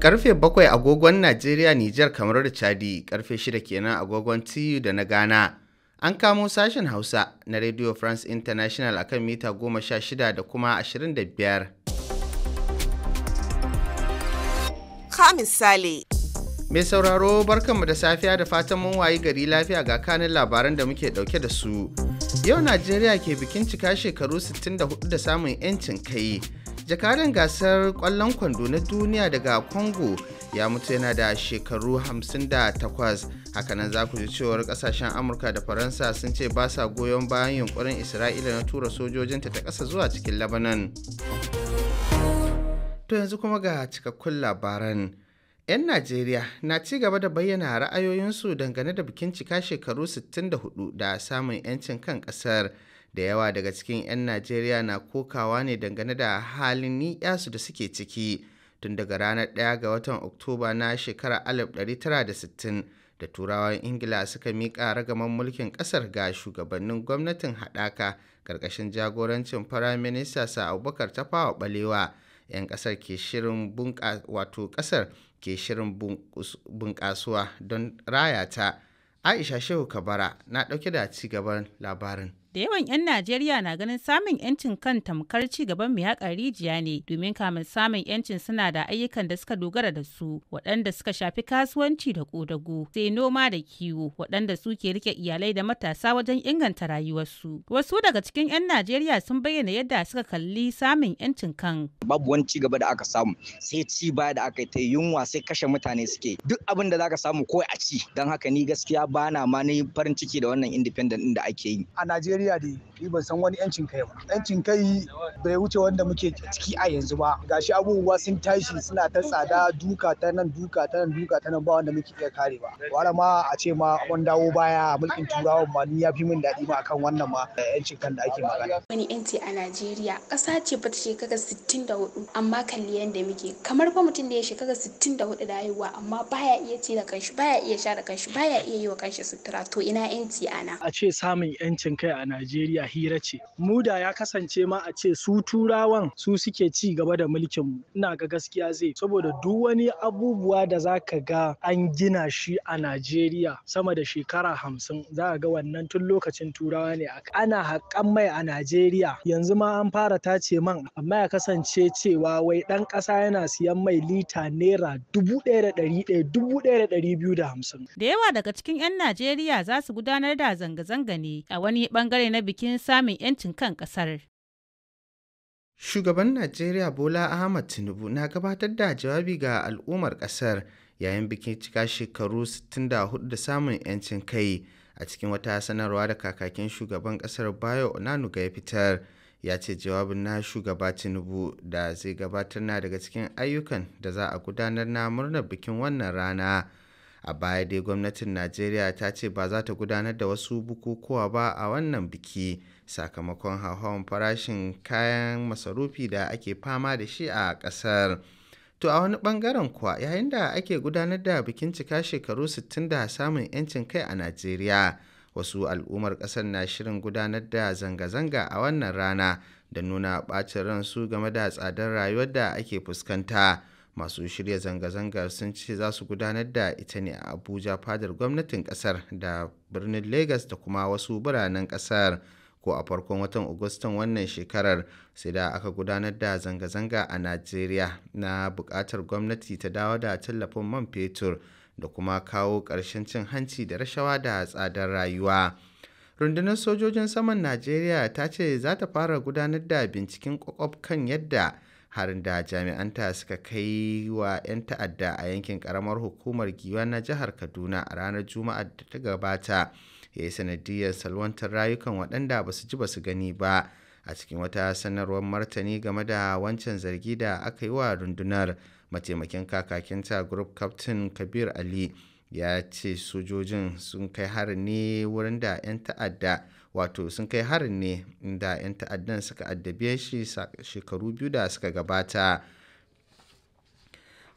Karfe bakwai agogon Najeriya, Nijar, kamar da Chadi, karfe shida kenan agogon TU da na Ghana. An kamo sashen Hausa na Radio France International akan mita goma sha shida da kuma ashirin da biyar. Ka misali. Mai sauraro barkanmu da safiya da fatan mun wayi gari lafiya ga kanin labaran da muke dauke da su. Yau Najeriya ke bikin cika shekaru 64 da samun 'yancin kai. jakadan gasar kwallon kwando na duniya daga congo ya mutu yana da shekaru 58 hakanan za ku ji cewar kasashen amurka da faransa sun ce ba sa goyon bayan yunkurin isra'ila na tura sojojinta ta ƙasa zuwa cikin labanan to yanzu kuma ga cikakkun labaran 'yan najeriya na ci gaba da bayyana ra'ayoyinsu dangane da bikin cika shekaru 64 da samun 'yancin kan ƙasar. da yawa daga cikin 'yan najeriya na kokawa ne dangane da halin ni'yasu da suke ciki tun daga ranar 1 ga watan oktoba na shekarar 1960 da turawan ingila suka miƙa ragaman mulkin ƙasar ga shugabannin gwamnatin haɗaka ƙarƙashin jagorancin firaminista sa abubakar tafawa balewa 'yan ƙasar ke shirin wato ƙasar ke shirin bunƙasuwa don rayata aisha shehu kabara na ɗauke da ci gaban labarin da yawan 'yan Najeriya na ganin samun 'yancin kan tamkar ci gaban haƙa rijiya ne domin kamin samun 'yancin suna da ayyukan da suka dogara da su waɗanda suka shafi kasuwanci da ƙodago sai noma da kiwo waɗanda su ke rike iyalai da matasa wajen inganta rayuwarsu. Wasu daga cikin 'yan Najeriya sun bayyana yadda suka kalli samun 'yancin kan. Babu wani ci gaba da aka samu sai ci baya da aka yi ta yunwa sai kashe mutane suke duk abin da zaka samu ko a ci don haka ni gaskiya bana ma ni farin ciki da wannan independent ɗin da ake yi. A Najeriya Najeriya da ni ban san wani yancin kai ba. Yancin kai bai wuce wanda muke ciki a yanzu ba. Gashi abubuwa sun tashi suna ta tsada duka ta nan duka ta nan duka ta nan ba wanda muke iya kare ba. Wala ma a ce ma mun dawo baya mulkin turawan ma ni ya fi min daɗi ma akan wannan ma yancin eh, kan da ake magana. Wani yanci a Najeriya ƙasa ce ba ta shekara 64 amma kalli yanda muke kamar ba mutum da ya shekara 64 da haihuwa amma baya iya ci da kanshi baya iya sha da kanshi baya iya yi wa kanshi sutura to ina yanci ana. A ce samun yancin kai a Najeriya hira ce. Mu da ya kasance ma a ce su turawan su suke ci gaba da mulkin mu. Ina ga gaskiya zai saboda duk wani abubuwa da za ka ga an gina shi a Najeriya sama da shekara hamsin za ka ga wannan tun lokacin turawa ne ana haƙan mai a Najeriya yanzu ma an fara tace man amma ya kasance cewa wai ɗan ƙasa yana siyan mai lita naira dubu ɗaya da ɗari ɗaya dubu ɗaya da ɗari biyu da hamsin. Da yawa daga cikin 'yan Najeriya za su gudanar da zanga-zanga ne a wani ɓangare ɓangare na bikin samun 'yancin kan kasar. Shugaban Najeriya Bola Ahmad Tinubu na gabatar da jawabi ga al'ummar kasar yayin bikin cika shekaru 64 da samun 'yancin kai a cikin wata sanarwa da kakakin shugaban kasar Bayo ga ya fitar. ya ce jawabin na shugaba tinubu da zai gabatar na daga cikin ayyukan da za a gudanar na murnar bikin wannan rana a baya dai gwamnatin najeriya ta ce ba za ta gudanar da wasu bukukuwa ba a wannan biki sakamakon hauhawan farashin kayan masarufi da ake fama da shi a ƙasar to a wani ɓangaren kuwa yayin da ake gudanar da bikin cika shekaru 60 da samun 'yancin kai a najeriya wasu al'ummar ƙasar na shirin gudanar da zanga-zanga a wannan rana da nuna ɓacin ransu game da tsadar rayuwar da ake fuskanta. masu shirya zanga zanga sun ce za su gudanar da ita ne a abuja fadar gwamnatin kasar da birnin lagos da kuma wasu biranen kasar ko a farkon watan agustan wannan shekarar sai da aka gudanar da zanga-zanga a najeriya na bukatar gwamnati ta dawo da tallafin man fetur da kuma kawo ƙarshen cin hanci da rashawa da tsadar rayuwa rundunar sojojin saman najeriya ta ce za ta fara gudanar da binciken kwakwaf kan yadda harin da jami'anta suka kai wa 'yan ta'adda a yankin karamar hukumar giwa na jihar kaduna a ranar juma'a da ta gabata ya yi sanadiyar salwantar rayukan waɗanda ba su ji ba su gani ba a cikin wata sanarwar martani game da wancan zargi da aka yi wa rundunar mataimakin kakakinta group captain kabir ali ya ce sojojin sun kai harin ne wurin da 'yan ta'adda wato sun kai harin ne da 'yan ta'addan suka addabe shi shekaru biyu da suka gabata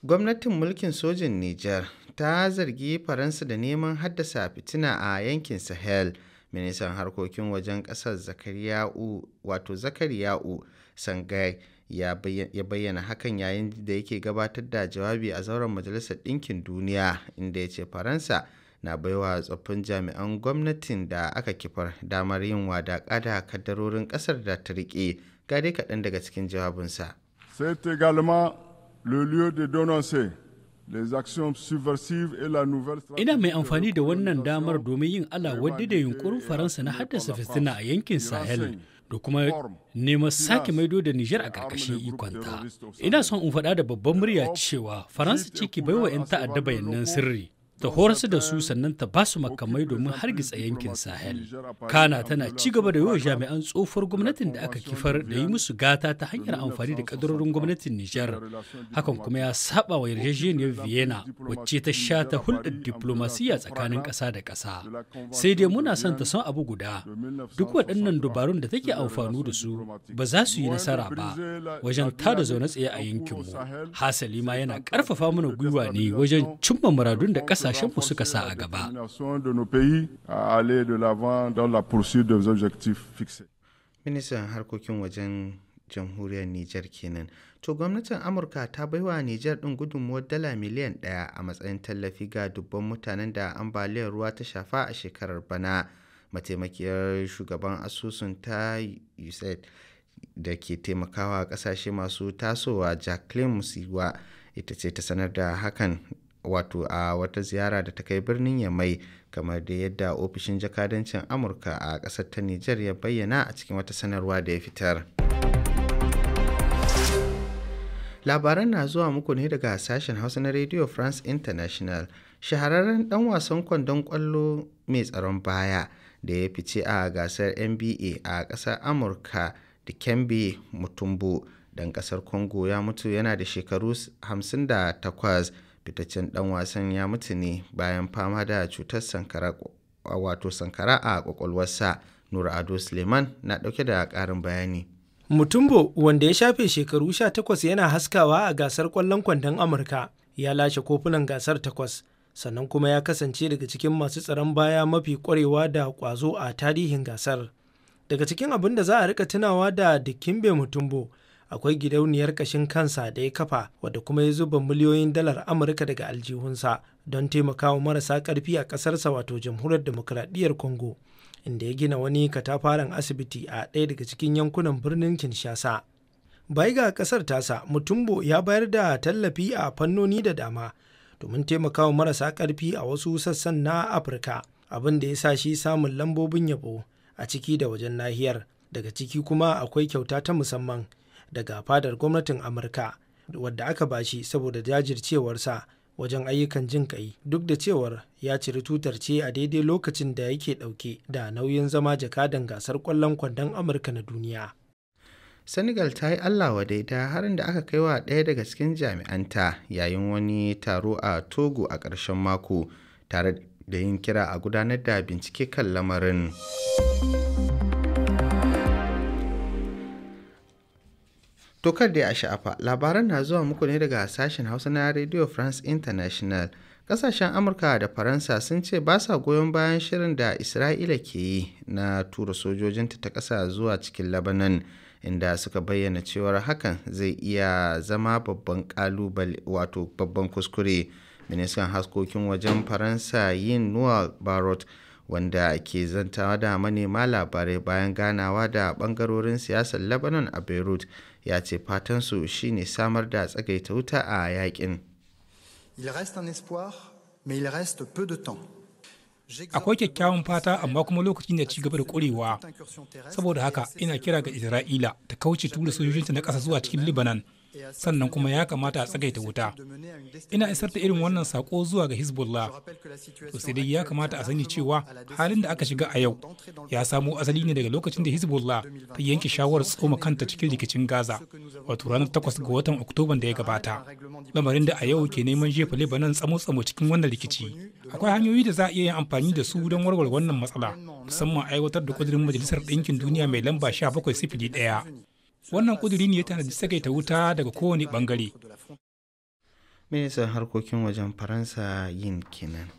gwamnatin mulkin sojin niger ta zargi faransa da neman haddasa fitina a yankin sahel ministan harkokin wajen ƙasar zakariya'u wato zakariya'u sangai ya bayyana hakan yayin da yake gabatar da jawabi a zauren majalisar ɗinkin duniya inda ya ce faransa na baiwa tsoffin jami'an gwamnatin da aka kifar damar yin wadaƙa da kaddarorin ƙasar da ta riƙe ga dai kaɗan daga cikin jawabinsa. sai également le lieu de Ina mai amfani da wannan damar domin yin wadda da yunkurin Faransa na haddasa fistina a yankin Sahel da kuma neman sake maido da Nijar a ƙarƙashin ikonta. Ina son in faɗa da babban murya cewa Faransa ce ke baiwa 'yan ta'adda bayanan sirri ta horasu da su sannan ta basu makamai domin hargitsa yankin sahel kana tana ci gaba da yiwa jami'an tsofar gwamnatin da aka kifar da yi musu gata ta hanyar amfani da kadarorin gwamnatin nijar hakan kuma ya saba wa yarjejeniyar vienna wacce ta sha ta hulɗar diplomasiya tsakanin ƙasa da ƙasa sai dai muna son ta san abu guda duk waɗannan dubarun da take amfani da su ba za su yi nasara ba wajen tada zaune tsaye a yankinmu hasali ma yana ƙarfafa mana gwiwa ne wajen cimma muradun da ƙasa ƙasashenmu suka sa a gaba. Ministan harkokin wajen jamhuriyar Nijar kenan. To gwamnatin Amurka ta baiwa Nijar ɗin gudunmuwar dala miliyan ɗaya a matsayin tallafi ga dubban mutanen da ambaliyar ruwa ta shafa a shekarar bana. Mataimakiyar shugaban asusun ta USAID da ke taimakawa kasashe masu tasowa Jacqueline Musiwa ita ce ta sanar da hakan wato a wata ziyara da ta kai birnin yamai kamar da yadda ofishin jakadancin amurka a ƙasar ta nijar ya bayyana a cikin wata sanarwa da ya fitar labaran na zuwa muku ne daga sashen hausa na radio france international shahararren dan wasan kwandon kwallo mai tsaron baya da ya fice a gasar nba a ƙasar amurka da kembe mutumbu dan ƙasar congo ya mutu yana da shekaru 58 fitaccen dan wasan ya mutu ne bayan fama da cutar sankara wato sankara a kwakwalwarsa nur ado suleiman na dauke da karin bayani mutumbo wanda ya shafe shekaru 18 yana haskawa a gasar kwallon kwandon amurka ya lashe kofunan gasar takwas sannan kuma ya kasance daga cikin masu tsaron baya mafi kwarewa da kwazo a tarihin gasar daga cikin abin da za a rika tunawa da dikimbe mutumbo akwai gidauniyar kashin kansa da ya kafa wadda kuma ya zuba miliyoyin dalar amurka daga aljihunsa don taimakawa marasa karfi a ƙasarsa wato jamhuriyar demokradiyyar congo inda ya gina wani katafaren asibiti a ɗaya daga cikin yankunan birnin kinshasa bai ga ƙasar tasa mutumbo ya bayar da tallafi a fannoni da dama domin taimakawa marasa ƙarfi a wasu sassan na afirka abin da ya sa shi samun lambobin yabo a ciki da wajen nahiyar daga ciki kuma akwai kyauta ta musamman daga fadar gwamnatin amurka wadda aka ba shi saboda jajircewarsa wajen ayyukan jin kai duk da cewar ya ciri tutar ce a daidai lokacin da yake ɗauke da nauyin zama jakadan gasar ƙwallon kwandon amurka na duniya senegal ta yi allah wa daida harin da aka kai wa ɗaya daga cikin jami'anta yayin wani taro a togo a ƙarshen mako tare da yin kira a gudanar da bincike kan lamarin To kar dai a sha'afa labaran na zuwa muku ne daga sashen Hausa na Radio France International. Kasashen Amurka da Faransa sun ce ba sa goyon bayan shirin da Isra'ila ke yi na tura sojojinta ta ƙasa zuwa cikin Lebanon inda suka bayyana cewar hakan zai iya zama babban kalubale wato babban kuskure. Ministan haskokin wajen Faransa yin Noah barot. wanda ke zantawa da manema labarai bayan ganawa da bangarorin siyasar lebanon a beirut ya ce fatan su shine samar da tsagaita wuta a yakin akwai kyakkyawan fata amma kuma lokaci ne ci gaba da kurewa saboda haka ina kira ga isra'ila ta kauce tura sojojinta na ƙasa zuwa cikin libanan sannan kuma ya kamata a tsagaita wuta ina isar da irin wannan sako zuwa ga hezbollah to sai dai ya kamata a sani cewa halin da aka shiga a yau ya samo asali ne daga lokacin da hezbollah ta yanke shawarar tsoma kanta cikin rikicin gaza wato ranar takwas ga watan oktoban da ya gabata lamarin da a yau ke neman jefa lebanon tsamo-tsamo cikin wannan rikici akwai hanyoyi da za a iya yin amfani da su don warware wannan matsala musamman aiwatar da kudirin majalisar ɗinkin duniya mai lamba sha bakwai sifili ɗaya wannan kuduri ne ya tanadi sagaita wuta daga kowane bangare ministan harkokin wajen faransa yin kenan